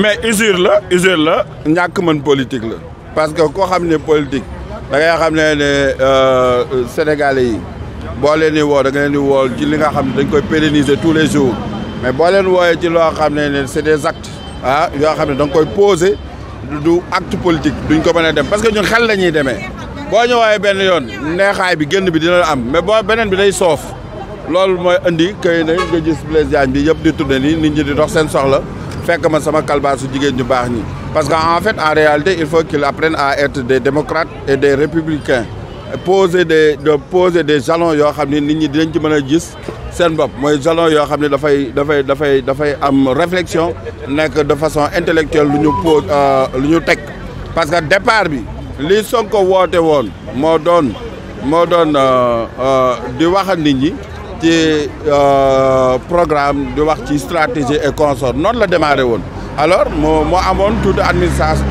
mais usure la usure la ñàkk man politique la parce que koo xam ne politique da ngay xam ne ne euh, sénégalais yi boo leen di woo da nga leen di woo ci li nga xam ne dañ koy pérenniser tous les jours mais boo leen wooyee ci loo xam ne ne c'est des actes ah yoo xam ne da nga koy poser du acte politique duñ ko mën a dem parce que ñun xel la ñuy demee boo ñëwaayee benn yoon neexaay bi génn bi dina la am mais boo beneen bi day soof loolu mooy indi këy na nga gis Blaise bi yëpp di tudde nii nit ñi di dox seen soxla fekk ma sama kalbaasu jigéen ñu baax ñi parce que en fait en réalité il faut kil apprenne à être des démocrates et des républicains poser des de poser des jalons yoo xam ne nit ñi dinañ ci mën a gis seen bopp mooy jalon yoo xam ne dafay dafay dafay dafay am réflexion nekk de façon intellectuelle lu ñu po euh, lu ñu teg parce que départ bi li Sonko woote woon moo doon moo doon euh, euh, di wax ni ñi ci programme di wax ci stratégie et consort noonu la démarré woon alors moo moo amoon toute administration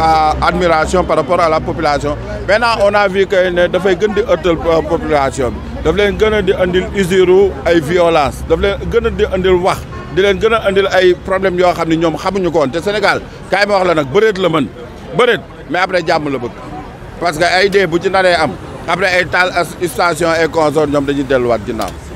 admiration par rapport à la population maintenant on a vu que ne dafay gën di ëttal population bi daf leen gën di andil usure ay violence daf leen gën a di andil wax di leen gën a andil ay problème yoo xam ne ñoom xamuñu ko woon te Sénégal kaay ma wax la nag bëreet la mën bëreet mais après jàmm la bëgg parce que ay dee bu ci naree am après ay taal station et consort ñoom dañuy delluwaat ginnaaw